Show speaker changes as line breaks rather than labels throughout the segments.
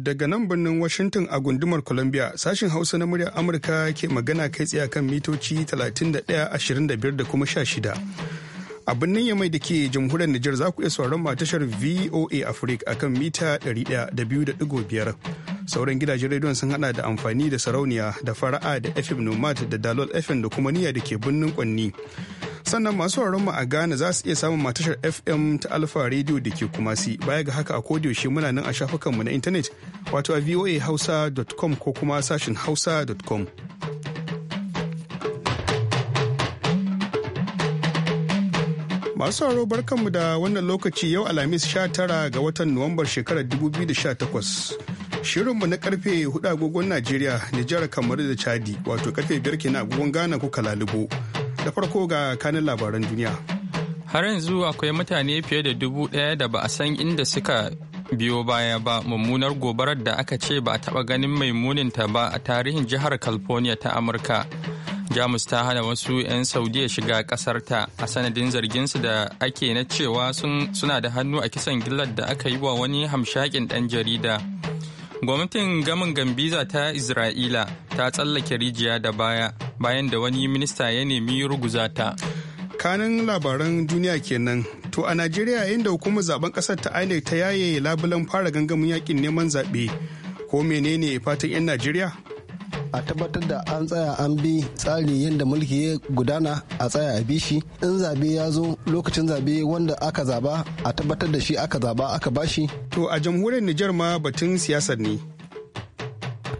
daga nan birnin Washington a gundumar Columbia sashin Hausa na muryar Amurka ke magana kai tsaye kan mitoci 31.25 da kuma 16. A birnin Yamai da ke jamhuriyar Nijar za ku iya sauran tashar VOA Africa a kan mita 100.5. Sauran gidajen rediyon sun hada da amfani da sarauniya da fara'a da FM Nomad da Dalol FM da kuma niyya da ke birnin Kwanni. sannan masu mu a Ghana za su iya samun matashar FM ta Alpha Radio da ke kuma si baya ga haka a yaushe muna nan a shafukanmu na intanet wato a voahausa.com ko kuma sashin hausa.com. Masu haro barkanmu da wannan lokaci yau Alhamis tara ga watan Nuwambar shekarar 2018. Shirinmu na karfe 4 agogon Najeriya, Nijar, Kamaru da Chadi, wato karfe 5 kenan agogon Ghana kuka lalubo. Da farko ga kanin labaran duniya.
Har yanzu akwai mutane fiye da dubu ɗaya da ba a san inda suka biyo baya ba mummunar gobarar da aka ce ba a taɓa ganin mai muninta ba a tarihin jihar California ta Amurka. jamus ta hana wasu 'yan saudiya shiga kasarta a sanadin zarginsu da ake na cewa suna da hannu a kisan gillar da aka yi wa wani hamshakin ɗan jarida gwamnatin gamin gambiza ta isra'ila ta tsallake rijiya da baya bayan da wani minista ya nemi ruguza ta.
kanin labaran duniya kenan to a najeriya inda hukumar zaben kasar ta inec ta yaye labulan fara gangamin yakin neman zaɓe ko menene fatan 'yan najeriya
a tabbatar da an tsaya an bi tsari yadda mulki ya gudana a tsaya a bishi in zabe ya zo lokacin zabe wanda aka zaba a tabbatar da shi aka zaba aka bashi
to a jamhuriyar Nijar ma batun siyasar ne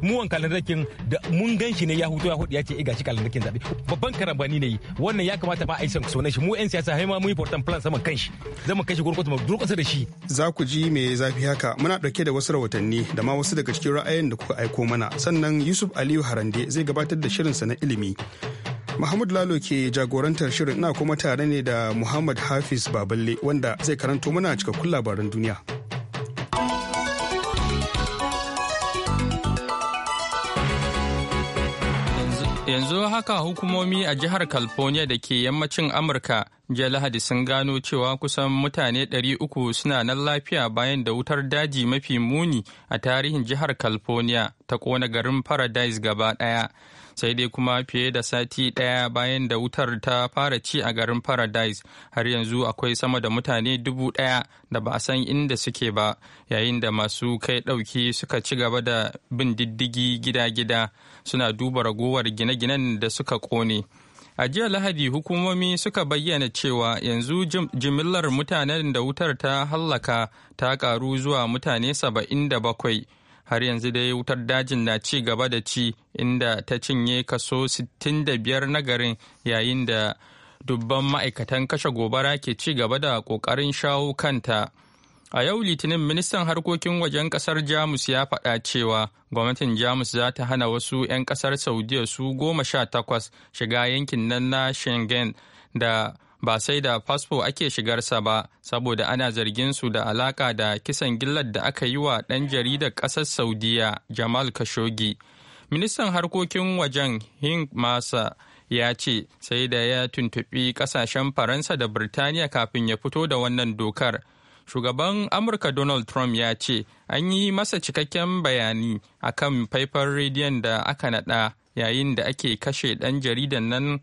mu wanka kalandarkin da mun gan shi ne ya hutu ya hudu ya ce iga eh, shi kalandakin zaɓe babban karambani ne wannan ya kamata ba a yi sanksona shi mu 'yan siyasa ma mun yi portan plan saman kanshi zama kanshi gurkwata mu durkusa da shi.
za ku ji me zafi haka muna dauke da wasu rawatanni da ma wasu daga cikin ra'ayin da kuka aiko mana sannan yusuf aliyu harande zai gabatar da shirinsa na ilimi Muhammad Lalo ke jagorantar shirin ina kuma tare ne da Muhammad Hafiz Baballe wanda zai karanto mana cikakkun labaran duniya.
yanzu haka hukumomi a jihar california da ke yammacin amurka jiya lahadi sun gano cewa kusan mutane 300 suna nan lafiya bayan da wutar daji mafi muni a tarihin jihar california ta kona garin paradise gaba daya sai dai kuma fiye da sati ɗaya bayan da wutar ta fara ci a garin paradise har yanzu akwai sama da mutane dubu ɗaya da ba a san inda suke ba yayin da masu kai ɗauki suka ci gaba da bin diddigi gida-gida suna duba ragowar gine-ginen da suka ƙone. a jiya lahadi hukumomi suka bayyana cewa yanzu jimillar mutanen da wutar ta hallaka ta karu zuwa mutane saba'in da bakwai. har yanzu dai wutar dajin na ci gaba da ci inda ta cinye kaso 65 na garin yayin da dubban ma'aikatan kashe gobara ke ci gaba da ƙoƙarin shawo kanta. A yau Litinin ministan harkokin wajen kasar Jamus ya faɗa cewa gwamnatin Jamus za ta hana wasu 'yan kasar Saudiya su goma sha takwas shiga yankin nan na Schengen da ba sai da fasfo ake shigarsa ba saboda ana zargin su da alaka da kisan gillar da aka yi wa ɗan jaridar ƙasar saudiya jamal khashoggi ministan harkokin wajen hing masa ya ce sai da ya tuntuɓi ƙasashen faransa da birtaniya kafin ya fito da wannan dokar shugaban amurka donald trump ya ce an yi masa cikakken bayani akan faifan rediyon da aka naɗa yayin da ake kashe ɗan jaridan nan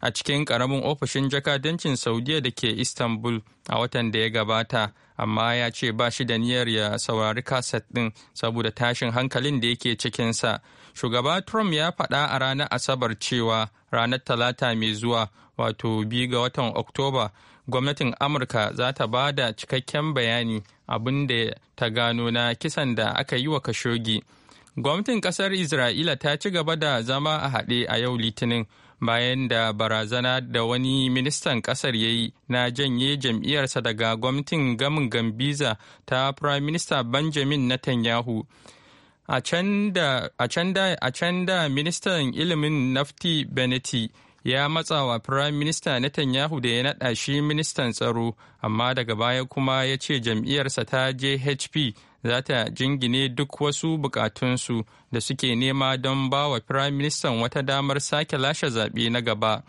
a cikin ƙaramin ofishin jakadancin saudiya da ke istanbul a watan da ya gabata amma ya ce ba shi da niyyar ya saurari kaset ɗin saboda tashin hankalin da yake cikinsa shugaba trump ya faɗa a ranar asabar cewa ranar talata mai zuwa wato biyu ga watan oktoba gwamnatin amurka za ta ba da cikakken bayani abin da ta gano na kisan da aka yi wa kashogi gwamnatin kasar isra'ila ta ci gaba da zama a haɗe a yau litinin bayan da barazana da wani ministan kasar ya yi na janye jam'iyyarsa daga gwamnatin gamin gambiza ta prime minister benjamin netanyahu a can da ministan ilimin nafti beneti ya matsawa Firayim Minista Netanyahu da ya naɗa shi ministan tsaro, amma daga baya kuma ya ce jam'iyyarsa ta JHP za ta jingine duk wasu bukatunsu da suke nema don ba wa Firayim Ministan wata damar sake lashe zaɓe na gaba.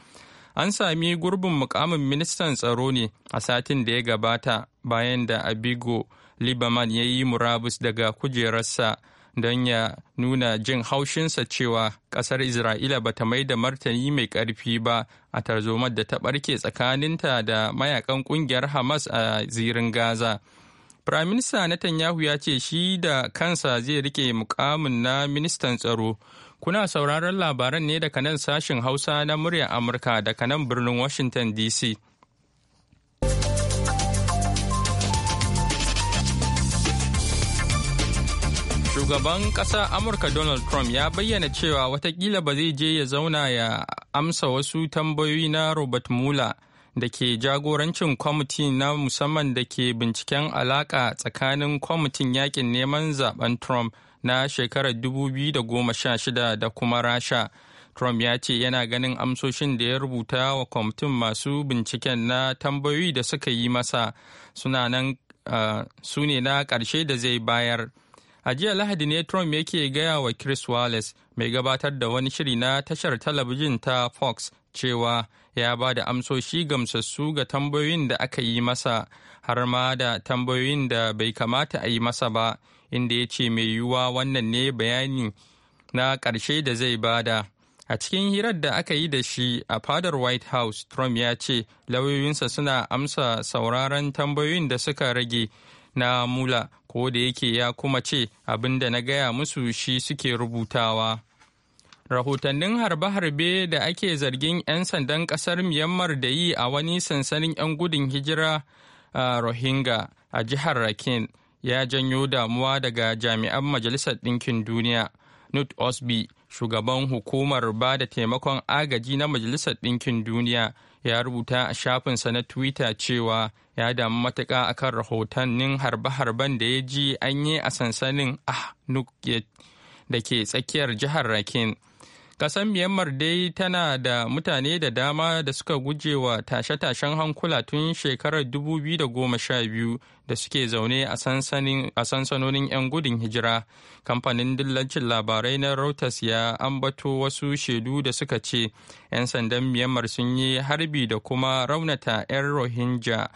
An sami gurbin mukamin ministan tsaro ne a satin da ya gabata bayan da Abigo Liberman ya yi murabus daga kujerarsa don ya nuna jin haushinsa cewa ƙasar Isra'ila ba ta mai da martani mai ƙarfi ba a tarzomar da ta ɓarke tsakaninta da mayakan ƙungiyar Hamas a zirin Gaza. Firaminista Netanyahu ya ce shi da kansa zai rike mukamin na ministan tsaro. Kuna sauraron labaran ne daga nan sashin Hausa na muryar Amurka daga nan birnin Washington DC. Shugaban ƙasa Amurka Donald Trump ya bayyana cewa watakila ba zai je ya zauna ya amsa wasu tambayoyi na Robert Mueller da ke jagorancin kwamitin na musamman da ke binciken alaƙa tsakanin kwamitin yakin neman zaben Trump na shekarar 2016 da kuma Rasha. Trump ya ce yana ganin amsoshin da ya rubuta wa kwamitin masu binciken na tambayoyi da suka yi masa suna nan ah, su ne na ƙarshe da zai bayar. A jiya Lahadi ne Trump yake gaya wa Chris Wallace mai gabatar da wani shiri na tashar talabijin ta Fox cewa ya ba da amsoshi gamsassu ga tambayoyin da aka yi masa har ma da tambayoyin da bai kamata a yi masa ba inda ya ce mai yiwuwa wannan ne bayani na ƙarshe da zai bada. A cikin hirar da aka yi da shi a fadar White House, Trump ya ce lauyoyinsa suna amsa sauraron tambayoyin da suka rage na mula ko da yake ya kuma ce abin da na gaya musu shi suke rubutawa. Rahotannin harbe-harbe da ake zargin 'yan sandan ƙasar Myanmar da yi a wani sansanin 'yan gudun hijira a Rohingya a jihar Rakhine ya janyo damuwa daga jami'an Majalisar Ɗinkin Duniya. Nut Osby, shugaban hukumar ba da taimakon agaji na Majalisar Ɗinkin Duniya, ya rubuta a shafinsa na twitter cewa ya damu matuƙa akan rahotannin harbe-harben da ya ji an yi a sansanin ah da ke tsakiyar jihar rakin kasan Myanmar dai tana da mutane da dama da suka guje wa tashe-tashen hankula tun shekarar 2012 da suke zaune a sansanonin 'yan gudun hijira. Kamfanin dillancin labarai na Reuters ya ambato wasu shaidu da suka ce 'yan sandan Myanmar sun yi harbi da kuma raunata 'yan Rohingya.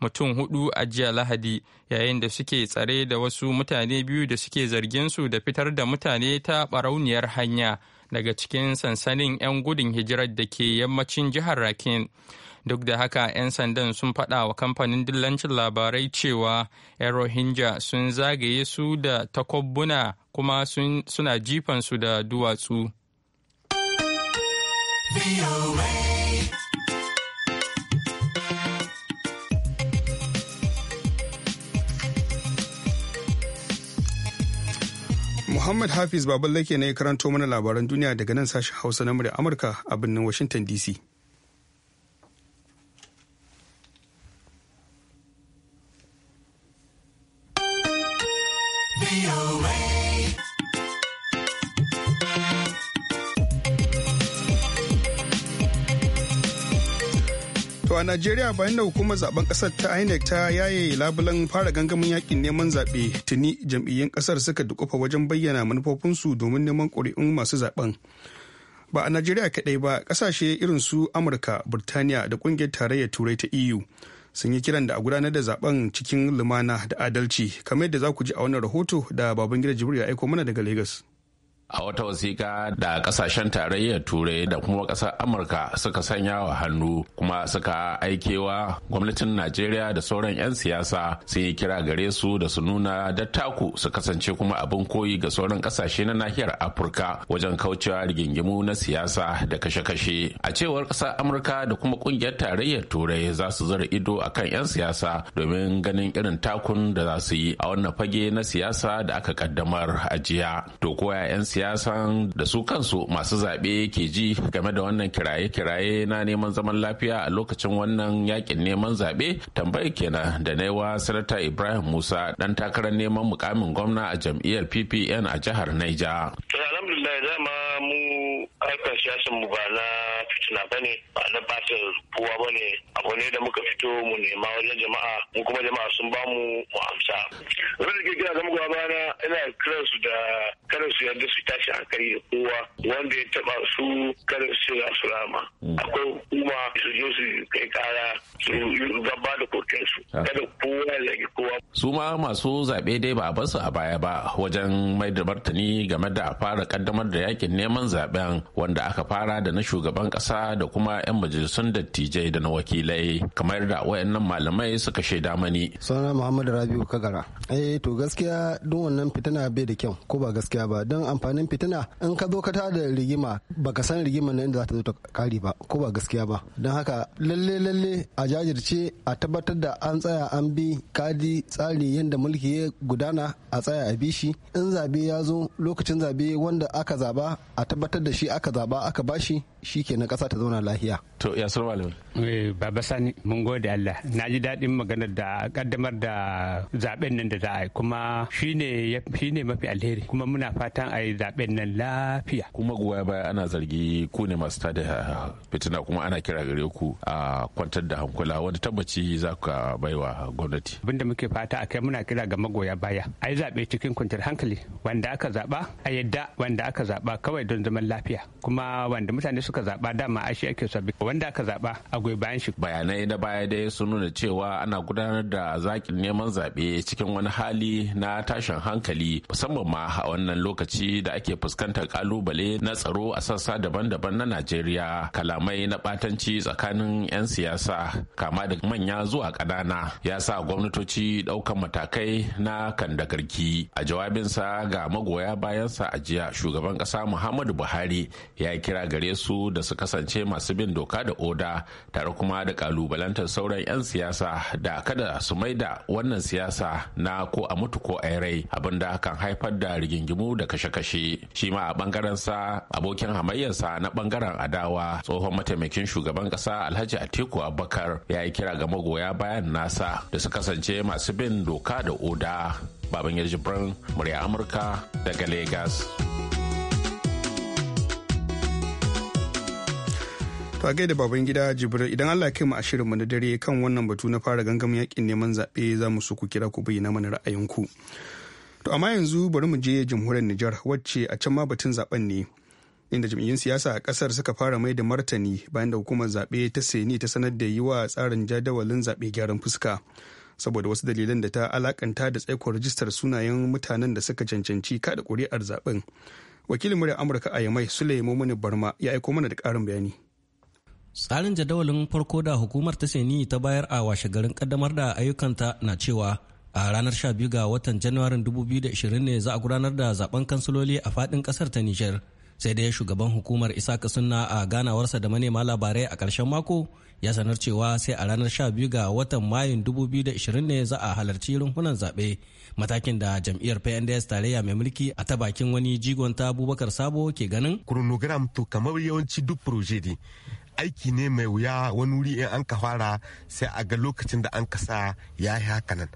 mutum hudu a jiya lahadi yayin da suke tsare da wasu mutane biyu da suke zargin su da fitar da mutane ta barauniyar hanya daga cikin sansanin 'yan gudun hijirar da ke yammacin jihar rakin Duk da haka 'yan sandan sun faɗa wa kamfanin dillancin labarai cewa 'yan Rohingya sun zagaye su da takobbuna kuma suna jifansu da duwatsu.
Muhammad Hafiz Babalake ne ya karanto mana labaran duniya daga nan sashen Hausa na murya Amurka a birnin Washington DC. a najeriya bayan da hukumar zaben kasar ta inec ta yaye labulan fara gangamin yakin neman zaɓe tuni jam'iyyun kasar suka dukufa wajen bayyana manufofinsu domin neman ƙuri'un masu zaben ba a najeriya kaɗai ba ƙasashe irin su amurka burtaniya da ƙungiyar tarayyar turai ta eu sun yi kiran da a gudanar da zaben cikin lumana da adalci kamar yadda za ku ji a wannan rahoto da babangida jibril ya aiko mana daga lagos
a wata wasiƙa da ƙasashen tarayyar turai da kuma ƙasar amurka suka sanya wa hannu kuma suka aikewa gwamnatin najeriya da sauran 'yan siyasa sun yi kira gare su da su nuna dattaku su kasance kuma abin koyi ga sauran ƙasashe na nahiyar afirka wajen kaucewa rigingimu na siyasa da kashe-kashe a cewar ƙasar amurka da kuma ƙungiyar tarayyar turai za su zura ido a kan 'yan siyasa domin ganin irin takun da za su yi a wannan fage na siyasa da aka kaddamar a jiya to koya 'yan siyasan da su kansu masu zaɓe ke ji game da wannan kiraye-kiraye na neman zaman lafiya a lokacin wannan yakin neman zaɓe tambayar kenan da naiwa sanata ibrahim musa dan takarar neman mukamin gwamna a jam'iyyar ppn a jihar naija.
alhamdulillah dama mu harkar siyasan mu ba na fitina ba ne ba na batar kowa ba ne abu ne da muka fito mu nema wajen jama'a mu kuma jama'a sun ba mu mu amsa Wani da ke gina zama gaba na ina kiran su da kada su yarda su tashi hankali da kowa wanda
ya taba su kada su ya su rama mm. akwai hukuma su je su kai kara su gaba da kokensu ah. kada kowa ya zage kowa su ma masu zaɓe dai ba a basu a baya ba wajen mai da martani game da a fara kaddamar da yakin neman zaɓen wanda aka fara da na shugaban kasa da kuma 'yan majalisun dattijai da na wakilai kamar da wayannan malamai suka shaida mani
sunana muhammadu rabiu kagara eh to gaskiya duk wannan fitina bai da kyau ko ba gaskiya ba don amfanin fitina in ka zo ka da rigima baka san rigima na inda za ta zo ta kare ba ko ba gaskiya ba don haka lalle lalle a jajirce a tabbatar da an tsaya an bi kadi tsari yadda mulki ya gudana a tsaya a bi in zabe ya zo lokacin zabe wanda aka zaba a tabbatar da shi aka zaɓa aka bashi shi ke na ƙasa ta zauna lahiya.
To ya sura malami. Eh, Baba Sani mun gode Allah na ji daɗin maganar da kaddamar da zaɓen nan da za a yi
kuma shi ne mafi alheri kuma muna fatan a yi zaɓen nan lafiya. Kuma goya
baya ana zargi ku ne masu tada fitina kuma ana kira gare ku a kwantar da hankula wanda tabbaci za ka baiwa gwamnati. Abin muke fata a kai muna kira ga magoya baya
a yi zaɓe cikin kwanciyar hankali wanda aka zaɓa a yadda wanda aka zaɓa kawai don zaman lafiya
kuma wanda mutane su suka zaba dama a shi ake sabi wanda aka zaba a goyi bayan shi. Bayanai na baya dai sun nuna cewa ana gudanar da zaƙin neman zaɓe cikin wani hali na tashin hankali musamman ma a wannan lokaci da ake fuskantar kalubale na tsaro a sassa daban-daban na Najeriya kalamai na batanci tsakanin 'yan siyasa kama da manya zuwa ƙanana ya sa gwamnatoci ɗaukan matakai na garki. a jawabinsa ga magoya bayansa a jiya shugaban kasa Muhammadu Buhari ya kira gare su da su kasance masu bin doka da oda tare kuma da kalubalantar sauran 'yan siyasa da kada su maida wannan siyasa na ko a mutu ko a rai abin da kan haifar da rigingimu da kashe-kashe shi ma a bangaren sa abokin hamayyarsa na bangaren adawa tsohon mataimakin shugaban kasa alhaji atiku abubakar ya yi kira ga magoya bayan nasa da su kasance masu bin doka da oda baban yarjibran murya amurka daga lagos
To a gaida baban gida Jibril idan Allah kai mu a shirinmu na dare kan wannan batu na fara gangamin yakin neman zaɓe za mu so ku kira ku bayyana mana ra'ayinku. To amma yanzu bari mu je jamhuriyar Nijar wacce a can ma batun zaben ne. Inda jam'iyyun siyasa a kasar suka fara mai da martani bayan da hukumar zaɓe ta seni ta sanar da yi wa tsarin jadawalin zaɓe gyaran fuska. Saboda wasu dalilan da ta alakanta da tsaikon rajistar sunayen mutanen da suka cancanci kada ƙuri'ar zaɓen. Wakilin murya Amurka a Yamai Sulaimu Barma ya aiko mana da ƙarin bayani.
tsarin jadawalin farko da hukumar ta sani ta bayar a washe garin kaddamar da ayyukanta na cewa a ranar 12 ga watan januwarin 2020 ne za a gudanar da zaben kansiloli a fadin kasar ta nijar sai dai shugaban hukumar isaka sunna a ganawarsa da manema labarai a karshen mako ya sanar cewa sai a ranar 12 ga watan mayun 2020 ne za a halarci rumfunan zaɓe matakin da jam'iyyar pnds tarayya mai mulki a ta bakin wani jigon ta abubakar sabo ke ganin chronogram to kamar yawanci duk projedi. aiki ne mai wuya wani wuri in an ka fara
sai a ga lokacin da an kasa ya yi nan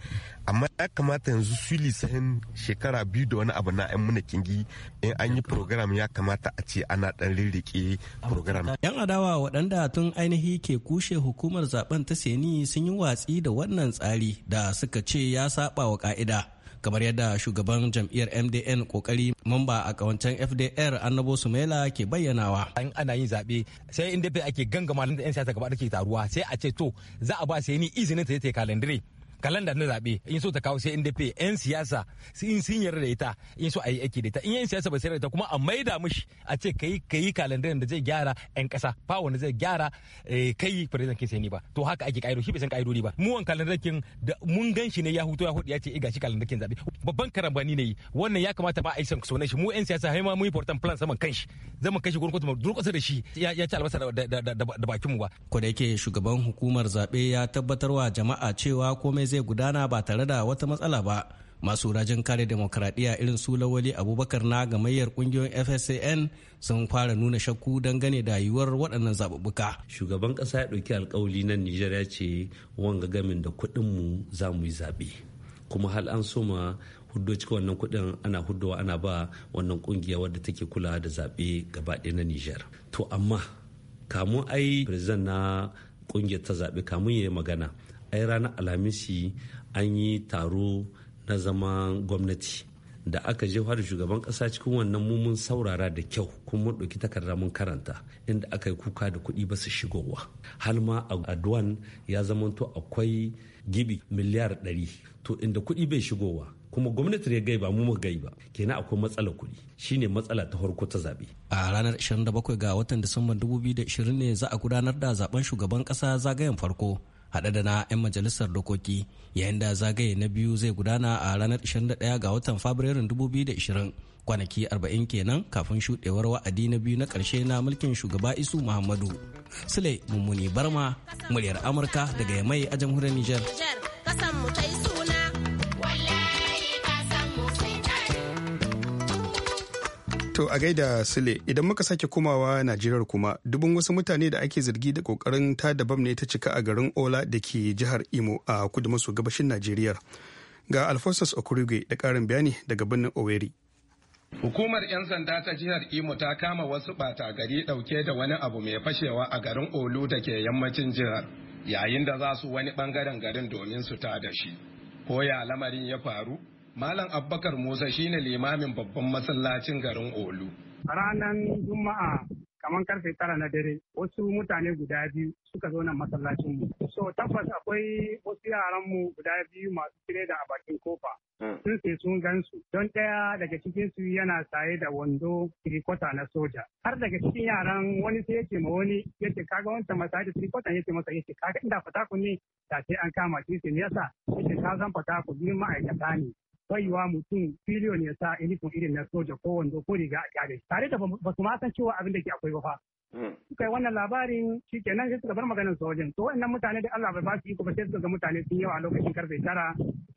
amma ya kamata yanzu su lisahin shekara biyu da wani abu na yan muna kingi in an yi program ya kamata a ce ana
dan rirrike program yan adawa waɗanda tun ainihi ke kushe hukumar zaben ta seni sun yi watsi da wannan tsari da suka ce ya saba wa ka'ida kamar yadda shugaban jam'iyyar mdn kokari mamba a kawancen fdr annabo sumela ke bayyanawa an ana yin zaɓe sai inda ake gangama da 'yan siyasa gaba da ke taruwa sai a ce to
za a ba sai ni izinin ta ta kalendare kalanda na zaɓe in so ta kawo sai NDP yan siyasa in sun yarda da ita in so a yi aiki da ita in yan siyasa ba su yarda da ita kuma a maida mishi a ce kai kai kalandar da zai gyara yan ƙasa ba wanda zai gyara eh, kai president kin sai ni ba to haka ake kairo shi bai san ka'idodi ba mu wan kalandar kin da mun gan shi ne ya huto ya hudu ya ce iga eh, shi kalandar kin zaɓe babban karambani ne wannan ya kamata ba a yi sanksona shi mu yan siyasa haima mu important plan saman kanshi mu kanshi gurin mu durƙusa da shi ya ci
albasa da bakin mu ba ko da yake shugaban hukumar zaɓe ya tabbatarwa jama'a cewa komai zai gudana ba tare da wata matsala ba masu rajin kare demokradiyya irin su lawali abubakar na gamayyar kungiyoyin fsan sun fara nuna shakku dangane da yiwuwar waɗannan zaɓuɓɓuka. shugaban ƙasa ya ɗauki alkawali nan nijar ya ce wanga gamin da kuɗinmu za mu yi zaɓe kuma hal an soma huddo cika wannan kuɗin ana huddowa ana ba wannan ƙungiya wadda take kula da zaɓe gaba ɗaya na nijar to amma kamun ai president na ƙungiyar ta zaɓe kamun ya yi magana ai ranar alhamisi an yi taro na zaman gwamnati da aka je da shugaban kasa cikin wannan mummun saurara da kyau kuma mun ɗauki takarda mun karanta inda aka yi kuka da kuɗi ba su shigowa har ma a duwan ya zamanto akwai gibi miliyar ɗari to inda kuɗi bai shigowa kuma gwamnati ya gai gaiba mu ba. kenan akwai matsala kuɗi shine matsala ta farko ta zabe a ranar 27 ga watan disamban 2020 ne za a gudanar da zaben shugaban kasa zagayen farko haɗe da na 'yan majalisar dokoki yayin da zagaye na biyu zai gudana a ranar 21 ga watan fabrairun 2020 kwanaki 40 kenan kafin shuɗewar wa'adi na biyu na ƙarshe na mulkin shugaba isu muhammadu sule mummuni barma muryar amurka
daga yamai a jamhuriyar nijar. To a gaida Sule idan muka sake komawa Najeriya kuma dubin wasu mutane da ake zargi da kokarin ta dabam ne ta cika a garin Ola da ke jihar Imo a kudu maso gabashin Najeriya. Ga Alphonsus Okurigwe da karin bayani daga birnin Oweri.
Hukumar 'yan sanda ta jihar Imo ta kama wasu bata gari ɗauke da wani abu mai fashewa a garin Olu da ke yammacin jihar yayin da za su wani bangaren garin domin su ta da shi. Koya lamarin ya faru, Malam Abubakar Musa shine limamin babban masallacin garin Olu. Ranar Juma'a
kamar karfe tara na dare wasu mutane guda biyu suka zo nan masallacin mu. So tabbas akwai wasu yaran mu guda biyu masu cire da a bakin kofa. Hmm. Sun sai sun gansu don ɗaya daga cikin yana saye da wando tirikota na soja. Har daga cikin yaran wani sai yake ma wani yake kaga wancan masa da tirikota yake masa yake kaga inda fataku ne da sai an kama shi ne yasa yake ka san fataku biyu ma'aikata ne. baiwa mutum filiyon ya sa ilifin irin na soja ko wando ko riga a kyale tare da ba su ma san cewa abin da ke akwai ba fa hmm. suka yi wannan labarin shi kenan sai suka bar maganin sojin to wannan mutane da Allah bai ba su iko ba sai suka ga mutane sun yawa lokacin karfe tara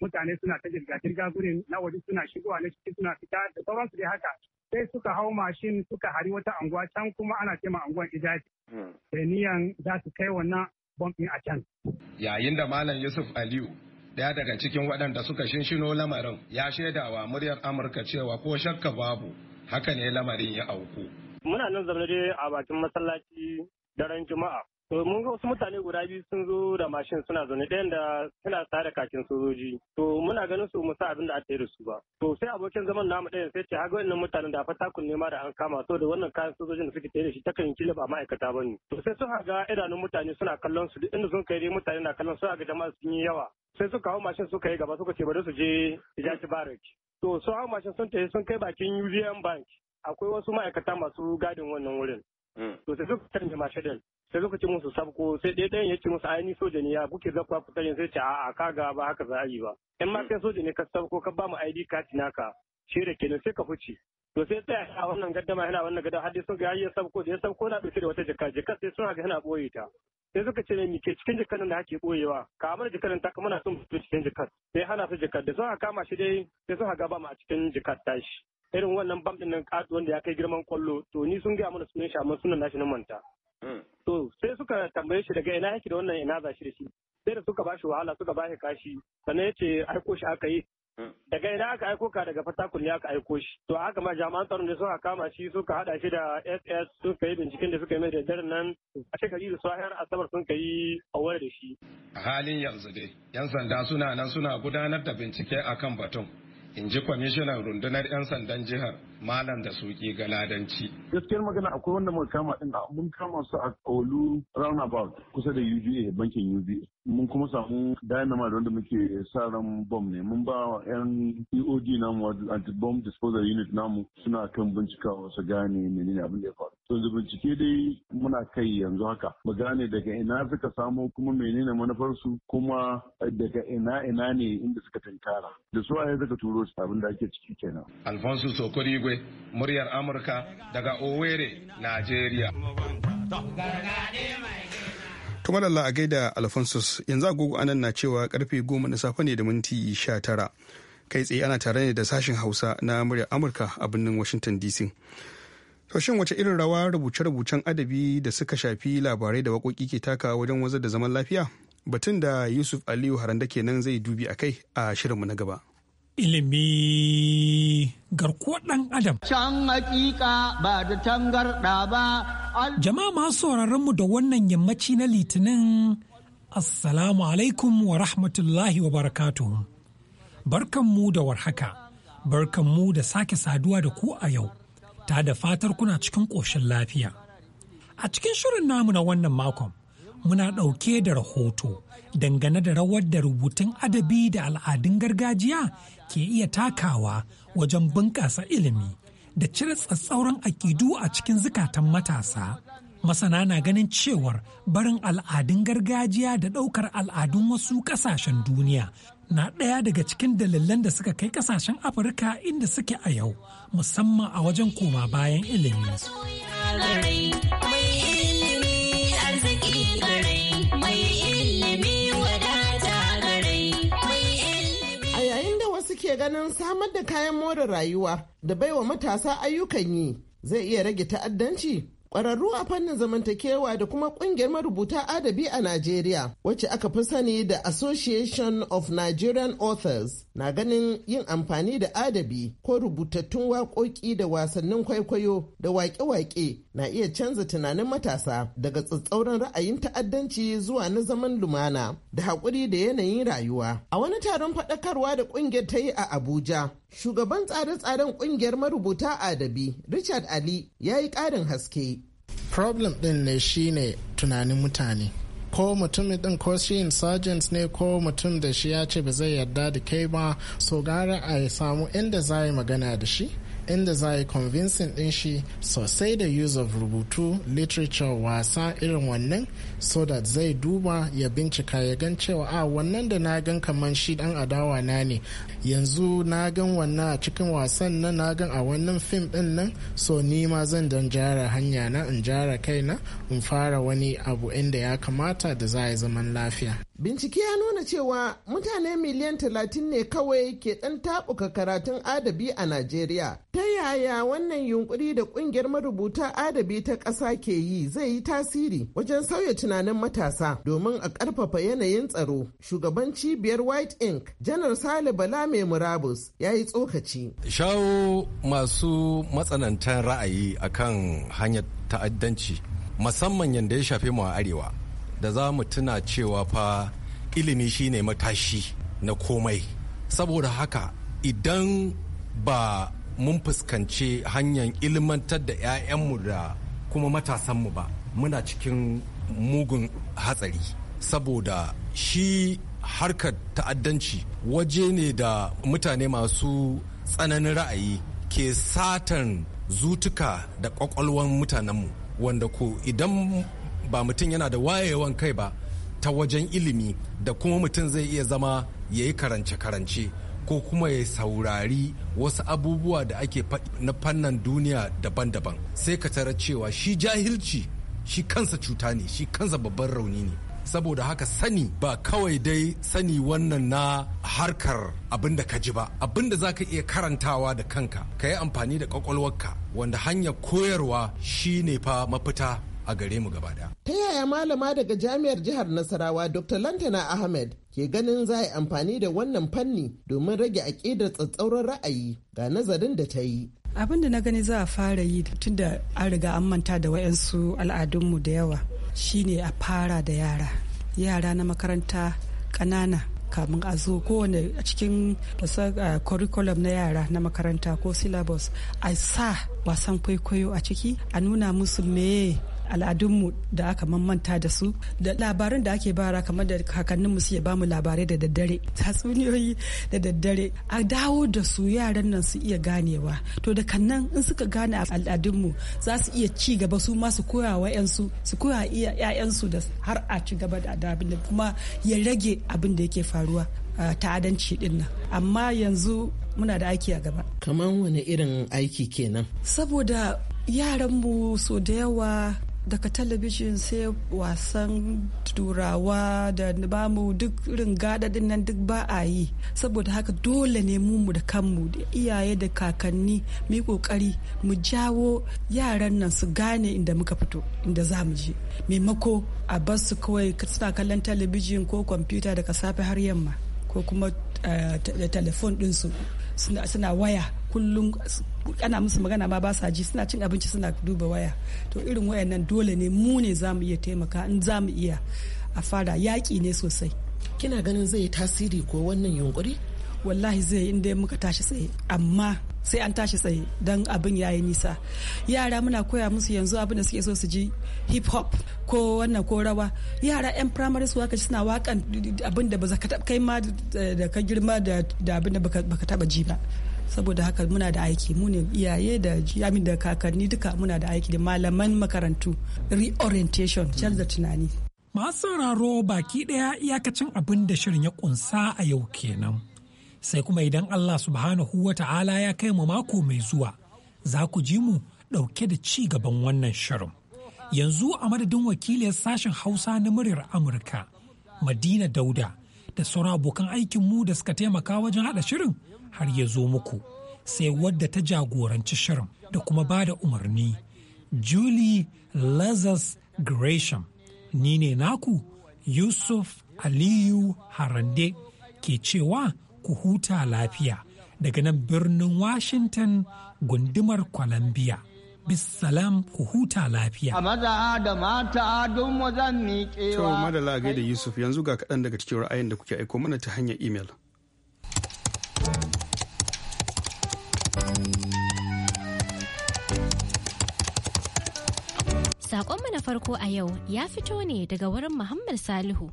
mutane suna ta jirga jirga gurin na waje suna shigowa na ciki suna fita da su dai haka sai suka hau mashin suka hari wata anguwa can kuma ana cema anguwan ijaji hmm. da niyan za su kai wannan bombin a can
yayin da malam Yusuf Aliyu Daya daga cikin waɗanda suka shinshino lamarin ya shaidawa muryar Amurka cewa ko shakka babu haka ne lamarin ya auku.
Muna nan zaune dai a bakin masallaci daren Juma'a. To mun ga wasu mutane guda biyu sun zo da mashin suna zaune ɗayan da suna tsare kakin sojoji. To muna ganin su musa abin da aka yi da su ba. To sai abokin zaman namu ɗayan sai ce haga wannan mutanen da fa takun nema da an kama to da wannan kayan sojojin da suke tare da shi takan kila ba ma'aikata ba ne. To sai sun haga idanun mutane suna kallon su duk inda sun kai dai mutane na kallon su ga jama'a sun yi yawa. sai suka hau mashin suka yi gaba suka ce bari su je Jaji barak. To sun hau mashin sun tafi sun kai bakin UVM Bank akwai wasu ma'aikata masu gadin wannan wurin. Hmm. To sai suka canja mashin sai suka ce musu sabko sai ɗaya ɗayan ya ce musu ainihin soja ne ya kuke zakwa fitar sai ce a'a ka ga ba haka za a yi ba. In ma hmm. kai soja ne ka sabko ka ba mu ID card naka shi da kenan sai ka fice. to sai tsaya a wannan gaddama yana wannan gaddama har sun ga ya sabko da ya sabko na ɗauke da wata jaka jaka sai sun ga yana ɓoye ta sai suka ce mai ke cikin jikan da ake boyewa ka mana jikan ta kuma na son cikin jikan sai hana su jikan da suka kama shi dai sai suka gaba a cikin jikan tashi irin wannan bam din nan katu wanda ya kai girman kwallo to ni sun gaya mana sunan shi amma sunan nashi na manta hmm. to sai suka tambaye shi daga ina yake da wannan ina za shi da shi sai da suka ba shi wahala suka ba shi kashi sannan ya ce aiko shi aka yi daga idan aka aiko ka daga fatakul ya aka aiko shi to haka ma jami'an tsaron da suka kama shi suka hada shi da ss sun kai binciken da suka yi mai daddare nan a shekaru da sahiyar asabar sun kai yi awar da shi
a halin yanzu dai yan sanda suna nan suna gudanar da bincike akan batun in ji kwamishinan rundunar 'yan sandan jihar malam da suke ga ladanci.
gaskiyar magana akwai wanda muka kama din mun kama su a olu roundabout kusa da uba bankin uba mun kuma samu dynamite wanda muke sa ran bom ne mun ba wa 'yan eog namu anti bomb disposal unit namu suna kan bincikawa su gane menene abin da ya faru yanzu bincike dai muna kai yanzu haka mu gane daga ina suka samo kuma menene manufarsu kuma daga ina ina ne inda suka tankara da su ayi suka turo su abin da ake ciki kenan
alfonso gwe muryar amurka daga owerri nigeria
kamar Allah a gaida alfonsus yanzu agogo anan na cewa karfe goma na safe ne da minti sha tara kai tsaye ana tare ne da sashen hausa na muryar amurka a birnin washington dc To shin wace irin rawa rubuce-rubucen adabi da suka shafi labarai da waƙoƙi ke taka wajen wazar da zaman lafiya? Batun da Yusuf Aliyu Haranda kenan zai dubi a kai a shirinmu na gaba.
Ilimi garkuwa ɗan Adam. Can hakika ba da tangarɗa ba. Jama'a masu mu da wannan yammaci na Litinin, Assalamu alaikum wa rahmatullahi wa barakatuhu. Barkanmu da warhaka, barkanmu da sake saduwa da ku a yau. ta da fatar kuna cikin ƙoshin lafiya. A cikin shirin namu na wannan makon, muna ɗauke da rahoto dangane da rawar da rubutun adabi da al'adun gargajiya ke iya takawa wajen bunƙasa ilimi da cire tsatsauran aƙidu a cikin zukatan matasa. Masana na ganin cewar barin al'adun gargajiya da ɗaukar al'adun wasu ƙasashen duniya na ɗaya daga cikin dalilan da suka kai kasashen afirka inda suke a yau musamman a wajen koma bayan ilimi
a yayin da wasu ke ganin samar da kayan more rayuwa da baiwa matasa ayyukan yi zai iya rage ta'addanci kwararru a fannin zamantakewa da kuma kungiyar marubuta adabi a Najeriya wacce aka fi sani da Association of Nigerian Authors na ganin yin amfani da adabi ko rubutattun waƙoƙi da wasannin kwaikwayo da waƙe-waƙe na iya canza tunanin matasa daga tsatsauran ra'ayin ta'addanci zuwa na zaman lumana da haƙuri da yanayin rayuwa. A wani taron faɗakarwa da ƙungiyar ta yi a Abuja, Shugaban tsare-tsaren kungiyar marubuta adabi Richard Ali ya yi ƙarin haske. Problem din ne shine tunanin mutane. ko mutumin din ko shi insurgents ne ko mutum da shi ya ce ba zai yarda da kai ba so gara a samu inda za yi magana da shi inda za a yi convincing din shi sosai da use of rubutu literature wasa irin wannan so that zai duba ya bincika ya gan cewa a ah, wannan da na gan kamar shi dan adawa na ne yanzu na gan wannan a cikin wasan na na gan a wannan fim din nan so ni ma zan dan jara hanya na in jara kai na in fara wani abu inda ya kamata da za a yi zaman lafiya Bincike ya nuna cewa mutane miliyan talatin ne kawai ke ɗan taɓuka karatun adabi a Najeriya. Ta yaya wannan yunkuri da ƙungiyar marubuta adabi ta ƙasa ke yi zai yi tasiri wajen sauya tunanin matasa domin a ƙarfafa yanayin tsaro. Shugaban cibiyar White Inc. Janar Sale Bala mai murabus ya yi tsokaci.
Shawo masu matsanantar ra'ayi akan hanyar ta'addanci musamman yadda ya shafe mu a arewa. da za mu tuna cewa fa ilimi shine matashi na komai saboda haka idan ba mun fuskanci hanyar ilmantar da 'ya'yanmu da kuma matasanmu ba muna cikin mugun hatsari saboda shi harkar ta'addanci waje ne da mutane masu tsananin ra'ayi ke satan zutuka da kwakwalwan mutanenmu wanda ko idan ba mutum yana da wayewan kai ba ta wajen ilimi da kuma mutum zai iya zama ya yi karance-karance ko kuma ya saurari wasu abubuwa da ake na fannin duniya daban-daban sai ka tara cewa shi jahilci shi kansa cuta ne shi kansa babban rauni ne saboda haka sani ba kawai dai sani wannan na harkar abin da ka ji ba abin da za ka iya karantawa da kanka ka yi amfani da kwakwalwarka wanda hanyar koyarwa shi ne fa mafita a gare mu gaba daya.
Ta yaya malama daga jami'ar jihar Nasarawa Dr. Lantana Ahmed ke ganin za a yi amfani da wannan fanni domin rage aƙidar tsatsauran ra'ayi ga nazarin da ta yi.
Abin da na gani za a fara yi tun da an riga an manta da wayansu al'adunmu da yawa shine a fara da yara. Yara na makaranta ƙanana kamun a zo kowane a cikin curriculum na yara na makaranta ko syllabus a sa wasan kwaikwayo a ciki a nuna musu meye al'adunmu da aka mamanta da su da labaran da ake bara kamar da kakanninmu su ba bamu labarai da daddare tatsuniyoyi da daddare a dawo da su yaran nan su iya ganewa to da kannan in suka gane a al'adunmu za su iya ci gaba su ma su koya wa yansu su koya iya yayansu da har a ci gaba da da kuma ya rage abin da yake faruwa ta'adanci din nan amma yanzu muna da aiki a gaba
kamar wani irin aiki kenan
saboda yaran mu so da yawa daga talabijin sai wasan turawa da bamu duk irin gadadin nan duk ba a yi saboda haka dole ne mu da kanmu da iyaye da kakanni mu yi kokari mu jawo yaran nan su gane inda muka fito inda za mu je maimako a bar su kawai suna kallon talabijin ko kwamfuta daga safe har yamma ko kuma eh, telefon ɗinsu suna waya kullum ana musu magana ma ba sa ji suna cin abinci suna duba waya to irin wayan nan dole ne mu ne za mu iya taimaka in za mu iya a fara yaƙi ne sosai kina ganin zai tasiri ko wannan yunkuri wallahi zai in muka tashi tsaye amma sai an tashi tsaye don abin ya yi nisa yara muna koya musu yanzu abin da suke so su ji hip hop ko wannan ko rawa yara yan primary su waka suna wakan abin da ba za kai ma da ka girma da abin da ba ka taba ji ba saboda haka muna da aiki mu ne iyaye da jami da kakanni duka muna da aiki da malaman makarantu reorientation canza tunani
masu sauraro baki daya iyakacin abin da shirin ya kunsa a yau kenan sai kuma idan Allah subhanahu wa ta'ala ya kai mu mako mai zuwa za ku ji mu ɗauke da ci gaban wannan shirin. Yanzu a madadin wakiliyar sashen Hausa na muryar Amurka, Madina Dauda, da sauran abokan aikin mu da suka taimaka wajen haɗa shirin, har ya zo muku sai wadda ta jagoranci shirin da kuma ba da umarni julie lazarus gresham ni ne naku yusuf aliyu harande ke cewa ku huta lafiya daga nan birnin washington gundumar columbia bisalam ku huta lafiya. A maza da mata don mazan
miƙewa. madala da Yusuf yanzu ga kaɗan daga cikin ra'ayin da kuke aiko mana ta hanyar imel.
farko a yau ya fito ne daga wurin Muhammad Salihu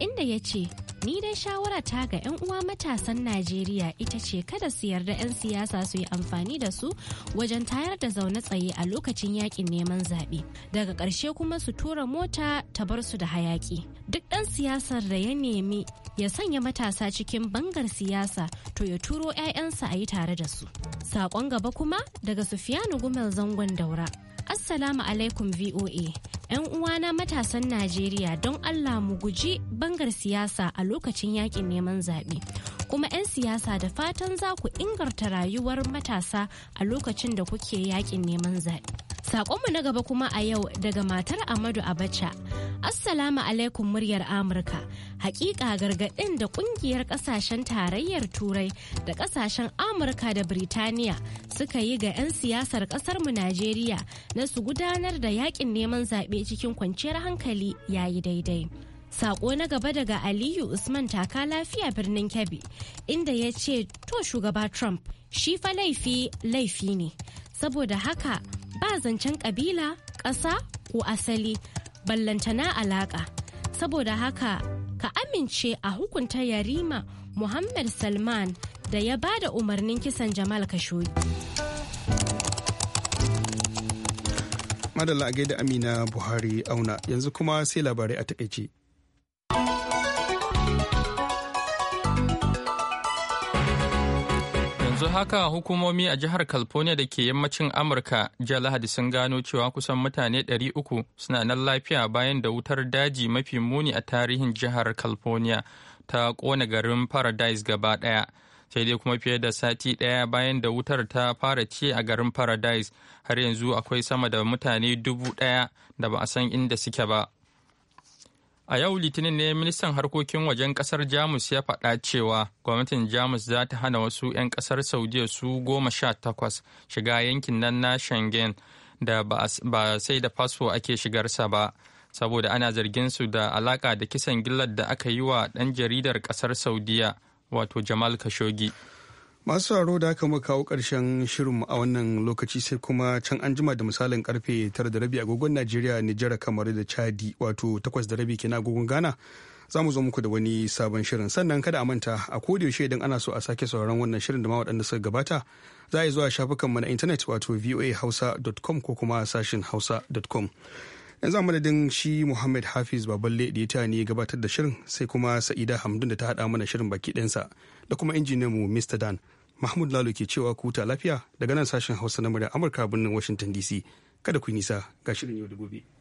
inda ya ce, Ni dai shawara ta ga 'yan uwa matasan Najeriya ita ce kada su yarda 'yan siyasa su yi amfani da su wajen tayar da zaune tsaye a lokacin yakin neman zaɓe. Daga ƙarshe kuma su tura mota ta bar su da hayaki Duk ɗan siyasar da ya nemi ya sanya matasa cikin bangar siyasa to ya turo 'ya'yansa a yi tare da su. Saƙon gaba kuma daga Sufiyanu Gumel Zangon Daura. Assalamu alaikum VOA. 'Yan uwana matasan Najeriya don Allah mu guji bangar siyasa a lokacin yakin neman zaɓe. kuma 'yan siyasa da fatan za ku inganta rayuwar matasa a lokacin da kuke yakin neman zaɓe. Sakonmu na gaba kuma a yau daga matar Amadu Abacha. Assalamu alaikum muryar Amurka. Hakika gargaɗin da ƙungiyar ƙasashen tarayyar Turai da ƙasashen Amurka da Birtaniya suka yi ga 'yan siyasar ƙasarmu Najeriya na su gudanar da yakin neman zaɓe cikin kwanciyar hankali yayi daidai. Sako na gaba daga Aliyu Usman taka lafiya birnin Kebbi inda ya ce to shugaba Trump shi fa laifi laifi ne saboda haka ba zancen kabila ƙasa ko asali ballantana alaƙa saboda haka ka amince a hukunta yarima Muhammad Salman da ya ba da umarnin kisan Jamal Khashoggi.
Madalla a gaida Amina Buhari auna yanzu kuma sai labarai a takaice.
haka hukumomi a jihar California da ke yammacin Amurka jiya Lahadi sun gano cewa kusan mutane 300 suna nan lafiya bayan da wutar daji mafi muni a tarihin jihar California ta kona garin Paradise gaba daya Sai dai kuma fiye da sati daya bayan da wutar ta fara ce a garin Paradise har yanzu akwai sama da mutane dubu ɗaya da ba a san inda suke ba. A yau Litinin ne ministan harkokin wajen kasar Jamus ya faɗa cewa gwamnatin Jamus za ta hana wasu 'yan kasar Saudiya su goma sha takwas shiga yankin nan na Schengen da ba sai da fasfo ake shigarsa ba, saboda ana zargin su da alaka da kisan gillar da aka yi wa ɗan jaridar kasar Saudiya wato Jamal kashogi.
masu sauraro da aka kawo karshen shirin a wannan lokaci sai kuma can an jima da misalin karfe 9:30 agogon najeriya nijar kamar da chadi wato 8:30 kenan agogon ghana za mu zo muku da wani sabon shirin sannan kada a manta a yaushe idan ana so a sake sauraron wannan shirin da ma waɗanda suka gabata za a yi zuwa shafukan mana intanet wato voahausa.com ko kuma sashin hausa.com yanzu a madadin shi muhammad hafiz baballe da ya ta ne gabatar da shirin sai kuma sa'ida hamdun da ta haɗa mana shirin baki ɗansa da kuma mu mr dan Mahmud Lalo ke cewa kuta lafiya daga nan sashen Hausa na muryar Amurka birnin Washington DC. Kada ku nisa ga shirin yau da gobe.